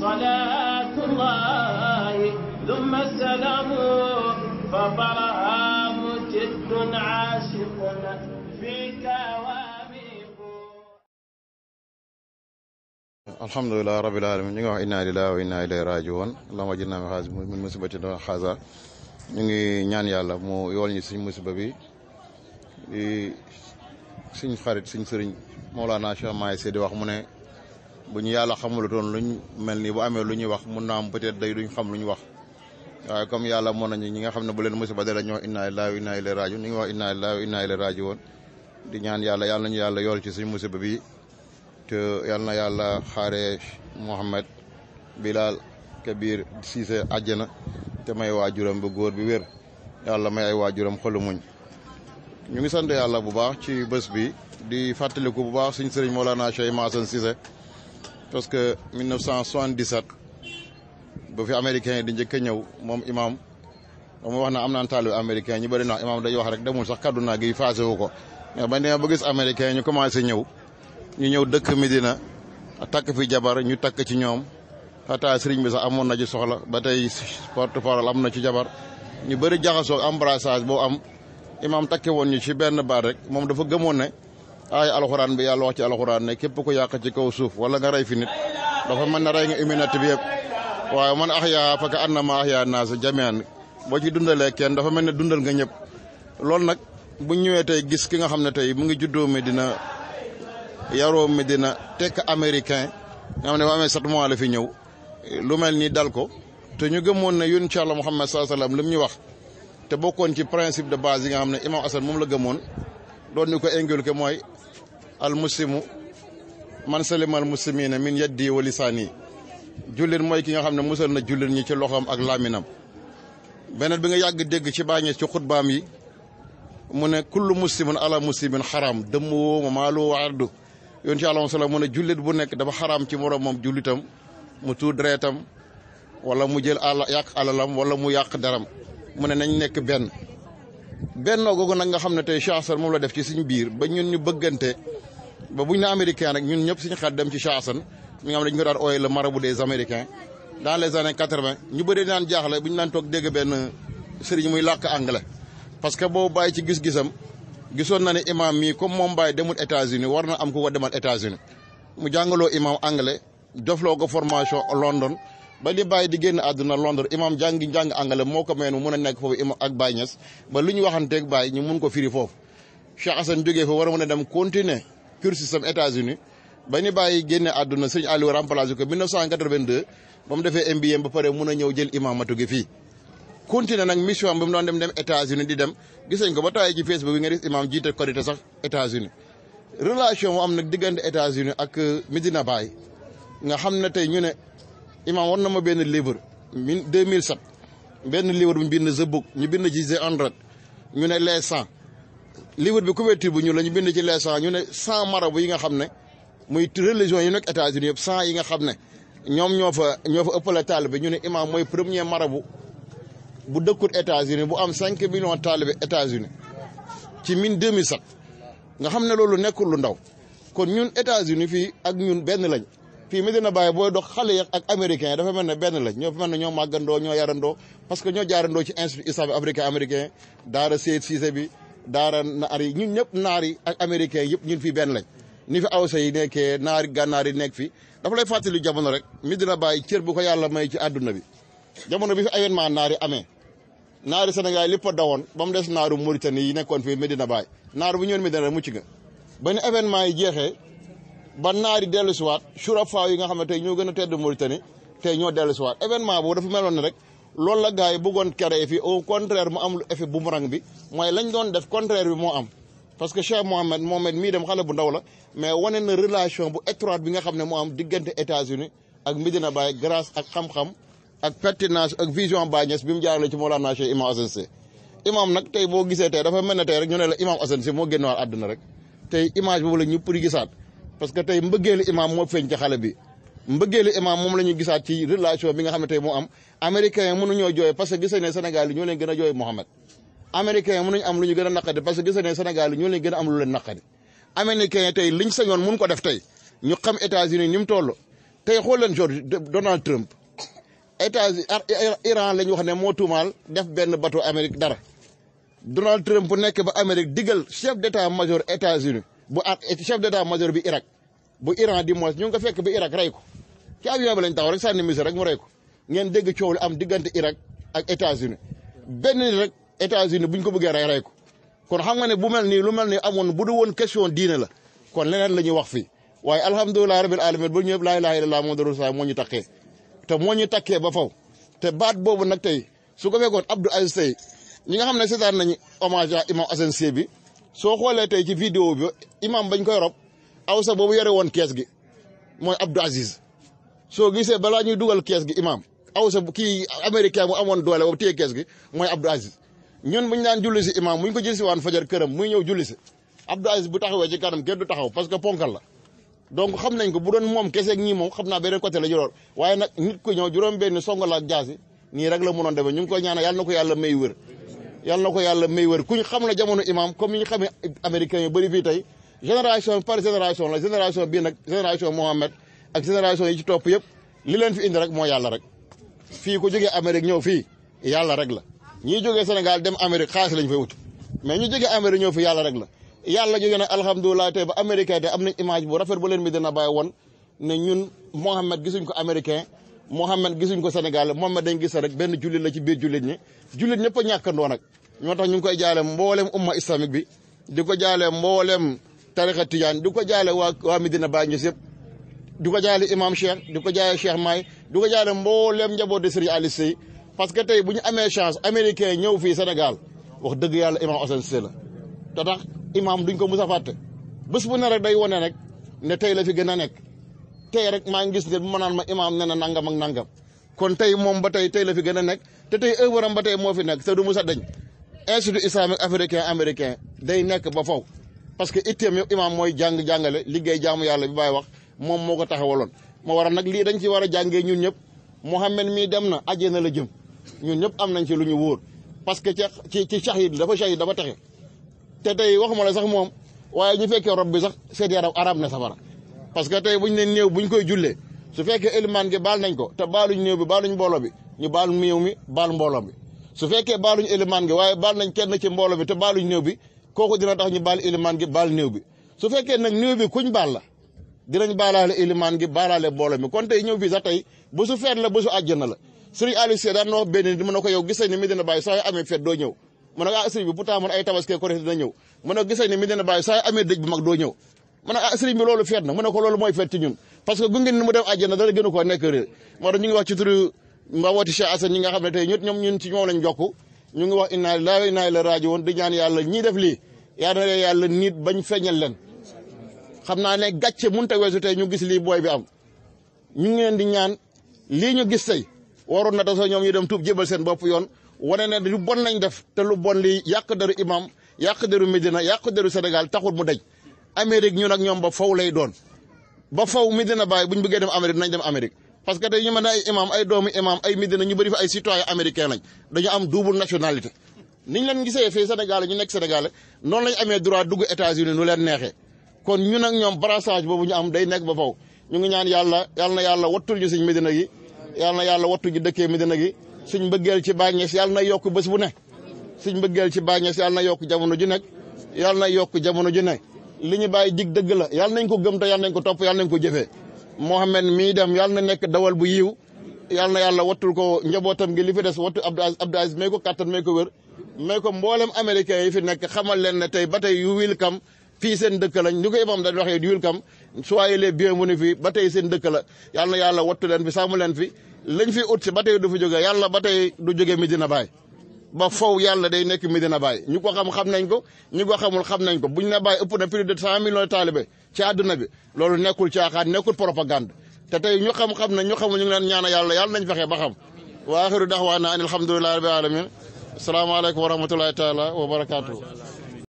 صلاة الله ثم السلام فطرها مجد عاشق فيك واميق الحمد لله رب العالمين ñu ngi wax inna lillahi wa inna ilayhi rajiun allahumma jinna min xaas min musibati do xaasa ñu ngi ñaan yàlla mu yool ñu suñ musiba bi di suñ xarit suñ sëriñ Mawlana Cheikh Maay Seydi wax mu ne bu ñu yàlla xamuloon luñ mel ni bu amee lu ñuy wax mun naa am peut-être day duñ xam lu ñu wax waaye comme yàlla mën nañu ñi nga xam ne bu leen musiba dara ñu wax inna lillahi wa inna ilayhi rajiun ñu ngi wax inna lillahi wa di ñaan yàlla yàlla nañu yàlla yool ci suñ musiba bi te yàlla na yàlla xaare Mohamed Bilal Kabir Cissé àjjana te may waajuram bu góor bi wér yàlla may ay waajuram xolu muñ ñu ngi sant yàlla bu baax ci bës bi di fàttaliku bu baax suñ sëriñ Mawlana Cheikh Massane Cissé parce que 1977 ba fi américain di njëkk a ñëw moom imaam dama wax na am naan taalibe américain ñu bari nax imaam day wax rek demul sax kaddu naa gi faase wu ko mais bañ ba gis américain yi ñu commencé ñëw ñu ñëw dëkk Medina takk fi jabar ñu takk ci ñoom xataa sëriñ bi sax amoon na ci soxla ba tey porte-parole am na ci jabar ñu bëri jaxasoo embrassage boo am imaam takki woon ñu ci benn baat rek moom dafa gëmoon ne ay alxuraan bi yàlla wax ci alxuraan ne képp ko yàq ci kaw suuf wala nga rey fi nit dafa mën na rey nga humanité bi yëpp waaye man ahyaa fa ka annama ahyaa naas jamian boo ci dundalee kenn dafa mel ne dundal nga ñëpp loolu nag bu ñëwee tey gis ki nga xam ne tey mu ngi juddoo Medina yaroo Medina tekk américain nga xam ne ba amee sept mois la fi ñëw lu mel nii dal ko te ñu gëmoon ne yun allah Muhammad sallallahu alayhi wa sallam li mu ñu wax te bokkoon ci principe de base yi nga xam ne imam Assane moom la gëmoon doon ñu ko inculquer mooy al mu muslimu man salima al muslimina min yaddi wa lisaani jullit mooy ki nga xam ne musal na jullit ñi ci loxoom ak laaminam beneen bi nga yàgg dégg ci bàññee ci xutbaam yi mu ne kullu muslimin ala muslimin xaraam dëmm woo ma maaloo wa addu yoon ci àlama salaam mu ne jullit bu nekk dafa xaraam ci moroom moom jullitam mu tuur deretam wala mu jël àll yàq alalam wala mu yàq daram mu ne nañ nekk benn bennoo googu nag nga xam ne tey Chaasan moom la def ci suñu biir ba ñun ñu bëggante ba buñ ne américain rek ñun ñëpp suñu xel dem ci Chaasan mi nga xam ne dañu ko daan ooyee le marabout des américains dans les années quatre-vingt ñu bëree naan jaaxle bu ñu naan toog dégg benn sëriñ muy làkk anglais parce que boo bàyyi ci gis-gisam gisoon na ne imam mii comme moom bàyyi demul états uni war na am ku ko demal états uni mu jàngaloo imam anglais defloo ko formation London ba li bàyyi di génn àdduna Londres imam jàngi njàng angale moo ko meen mu mun a nekk foofu imam ak Baye Niass ba lu ñu waxanteeg ñu mun ko firi foofu Cheikh Assane jógee fa war a mën a dem continuer cursus am États-Unis ba ni Baye génne àdduna sëñ Aliou remplacé ko 1982 ba mu defee MBA ba pare mun a ñëw jël ma gi fii continuer nag mission bi mu doon dem dem États-Unis di dem gis nañ ko ba taay ci Facebook bi nga gis imam jiite korité sax États-Unis relation am na diggante États-Unis ak Medina Baye nga xam ne tey ñu ne imaam war na ma benn livre mille deux mille sept benn livre bu ñu bind The Book ñu bind ci The Hundred ñu ne les cent livre bi couverture bu ñu la ñu bind ci les cent ñu ne cent marabu yi nga xam ne muy religion yi nekk États-Unis cent yi nga xam ne ñoom ñoo fa ñoo fa ëppale taalibe ñu ne imaam mooy premier marabu bu dëkkut États-Unis bu am cinq millions taalibe États-Unis ci mille deux mille sept nga xam ne loolu nekkul lu ndaw kon ñun États-Unis fii ak ñun benn lañ. fii Medina Baye booy dox xale yi ak américain dafa mel ne benn la ñoo fi mel ne ñoo màggandoo ñoo yarandoo parce que ñoo jaarandoo ci institut africain américain daara Seydi Cissé bi daara naar yi ñun ñëpp naar yi ak yëpp ñun fii benn lañ ni fi awsa yi nekkee naari gànnaar yi nekk fi dafa lay fàttali jamono rek Medina Baye cër bu ko yàlla may ci àdduna bi jamono bi fi événement naari amee naari Sénégal lépp a dawoon ba mu des naaru Mauritanie yi nekkoon fii Medina Baye naar bu ñëwoon Medina mucc nga ba ni événement yi jeexee ba naari dellu siwaat surafaa yi nga xam ne tey ñoo gën a tedd Mauritanie tey ñoo dellu siwaat événement boobu dafa meloon rek loolu la gars yi bëggoon créer fii au contraire mu am effet boomerang bi mooy lañ doon def contraire bi moo am parce que Cheikh Mohamed Mohamed mii dem xale bu ndaw la mais wane na relation bu étroite bi nga xam ne moo am diggante États-Unis ak Medina Baye grâce ak xam-xam ak pertinence ak vision Baye Niass bi mu jaarale ci Mawlana Cheikh Imam Assane Sy imam nag tey boo tey dafa mel ne tey rek ñu ne la imam Assane Sy moo génn waar image boobu la ñëpp di parce que tey mbëggeelu imaam moo feeñ ci xale bi moom la ñu gisaat ci relation bi nga xam ne tey moo am américain mënuñoo jooy parce que gis ne Sénégal yi ñoo leen gën a jooy Mohamed américain mënuñu am lu ñu gën a naqari parce que gis ne Sénégal yi ñoo leen gën a am lu leen naqari américain tey liñ sañoon mun ko def tey ñu xam États-Unis ni mu toll tey xool leen George Donald Trump états Iran la ñu wax ne moo tuumaal def benn bato Amérique dara Donald Trump nekk ba Amérique digal chef d' état major États-Unis bu ak d' état major bi bu Iran di moos ñu ngi ko fekk ba Irak rey ko ci avion bi lañ taxaw rek sànni missile rek mu rey ko ngeen dégg coow lu am diggante Irak ak États-Unis benn nit rek États-Unis buñ ko bëggee rey rey ko kon xam nga ne bu mel nii lu mel ni amoon bu du woon question diine la kon leneen la ñuy wax fii waaye alhamdulilah rabbil alamin ba ñëpp laa ilaha illallah muhammadur rasulullah moo ñu takkee te moo ñu takkee ba faw te baat boobu nag tey su ko fekkoon Abdou Aziz tey nga xam ne seetaan nañu hommage à imam Assane bi soo xoolee tey ci vidéo bi bañ koy rob awsa boobu yore woon kees gi mooy Abdou Aziz soo gisee balaa ñuy dugal kees gi imaam awsa kii américain bu amoon doole boobu téye kees gi mooy Abdou Aziz ñun bu ñu daan julli si imaam bu ñu ko jël waan fajar këram muy ñëw julli si Abdou Aziz bu taxawee ci kanam kenn du taxaw parce que ponkal la donc xam nañ ko bu doon moom keseeg ñii moom xam naa beneen côté la jëloon waaye nag nit ku ñëw juróom-benn songal ak jaasi nii rek la mënoon defee ñu ngi koy ñaanal yàlla na na ko la jamono imaam comme ni ñu xamee américains yi bëri fii tey génération par génération la génération bii nag génération Mohamed ak génération yi ci topp yëpp li leen fi indi rek moo yàlla rek fii ku jógee Amérique ñëw fii yàlla rek la ñii jógee Sénégal dem Amérique xaalis lañ fay wut mais ñu jógee Amérique ñëw fi yàlla rek la yàlla jógee na alhamdulilah tey ba américain te am nañ image bu rafet bu leen mi dina bàyyi woon ne ñun Mohamed gisuñ ko américain Mohamed gisuñ ko Sénégal Mohamed dañ gis rek benn jullit la ci biir jullit ñi jullit ñëpp a ñàkkandoo ñoo tax ñu ngi koy jaale mboolem umma islamique bi di ko jaale a tijaan di ko jaale waa waa Medina baa Niass yëpp du ko jaale imam Cheikh di ko jaale Cheikh May di ko jaale mbooleem njaboot de Serigne Aliou parce que tey bu ñu amee chance américain ñëw fii Sénégal wax dëgg yàlla imam Assane Cissé la te tax imam duñ ko mus a fàtte bés bu ne rek day wane rek ne tey la fi gën a nekk tey rek maa ngi gis ne bu ma ma imam ne na nangam ak nangam kon tey moom ba tey tey la fi gën a nekk te tey œuvre am ba tey moo fi nekk te du mus a dañ institut islamique africain américain day nekk ba parce que itteem yëpp imaam mooy jàng jàngale liggéey jaamu yàlla bi bàyyi wax moom moo ko taxawaloon moo waral nag lii dañ ci war a jàngee ñun ñëpp moo Mouhamed mii dem na àjjana la jëm ñun ñëpp am nañ ci lu ñu wóor parce que ca ci ci shahid dafa shahid dafa texe te tey waxuma la sax moom waaye ñu fekkee rob bi sax seen yaram arab na safara parce que tey buñ ne néew buñ koy jullee su fekkee élimaan gi baal nañ ko te baaluñ néew bi baaluñ mbooloo bi ñu baal néew mi baal mbooloo bi su fekkee baaluñ élimaan gi waaye baal nañ kenn ci mbooloo bi te baaluñ néew bi kooku dina tax ñu baal ilimaan gi baal néew bi su fekkee nag néew bi kuñ baal la dinañ baalaale ilimaan gi baalaale mbooloo mi kon tey ñëw fii sax tey bu su feet la bu su àjjana la sëriñ Aliou Seye daan na wax benn ko yow gis ni Medina Baye saa ah, saa yu amee dëj bu mag doo ñëw mu ne ah sëriñ bi loolu feet na mu ne ko loolu mooy feet ci ñun parce que mu dem àjjana dara gënu koo nekk réer moo tax ñu wax ci turu mbawooti Cheikh Assane ñi nga xam ne tey ñun ñoom ñun ci ñoom lañ ñu ngi wax inna lillahi wa inna ilayhi raaji'uun di ñaan yàlla ñii def lii yal na yàlla nit bañ feeñal leen xam naa ne gàcce mënut a weesu tey ñu gis lii booy bi am ñu ngi leen di ñaan lii ñu gis tey waroon na tax ñoom ñu dem tuub jébal seen bopp yoon wane ne lu bon lañ def te lu bon lii yàq deru imam yàq deru Medina yàq deru Sénégal taxul mu daj Amérique ñun ak ñoom ba faw lay doon ba faw Medina Baye bu ñu bëggee dem Amérique nañ dem Amérique parce que ñu mën a ay imam ay doomu imam ay Medina ñu bëri fi ay citoyen américain lañ dañu am double nationalité niñ leen gisee fi Sénégal ñu nekk Sénégal noonu lañ amee droit dugg États-Unis nu leen neexee kon ñun ak ñoom brassage boobu ñu am day nekk ba faw ñu ngi ñaan yàlla yàlla na yàlla wattul ñu suñ Medina gi yàlla na yàlla wattu ñu dëkkee Medina gi suñ mbëggeel ci bàññees yàlla na yokk bés bu ne suñ mbëggeel ci bàññees yàlla na yokk jamono ji nekk yàlla na yokk jamono ju ne li ñu bàyyi dig dëgg la yàlla nañ ko gëm te yàlla nañ ko topp yàlla nañ ko jëfee Mohamed mii dem yal na nekk dawal bu yiw yàlla na yàlla wattul ko njabootam gi li fi des wattu Abdou Aziz Abdou Aziz may ko kàttan may ko wér may ko mboolem américain yi fi nekk xamal leen ne tey ba tey yu wil kam fii seen dëkk lañ ñu ko imam dañ waxee yu wil kam soyez les bienvenus ba tey seen dëkk la yàlla na yàlla wattu leen fi sàmm leen fi lañ fi ut si ba tey du fi jóge na ba tey du jóge Medina Baye ba faw yàlla day nekk Medina Baye ñu ko xam xam nañ ko ñu ko xamul xam nañ ko buñ ne Baye ëpp na plus de cent millions taalibe ci àdduna bi loolu nekkul caaxaan nekkul propagande te tey ñu xam-xam na ñu xamul ñu ngi leen ñaana yàlla yàlla nañ fexe ba xam wa axiru daxwaana an alhamdulilahi rabbil alamin asalaamaaleykum wa rahmatullahi taala wa barakaatu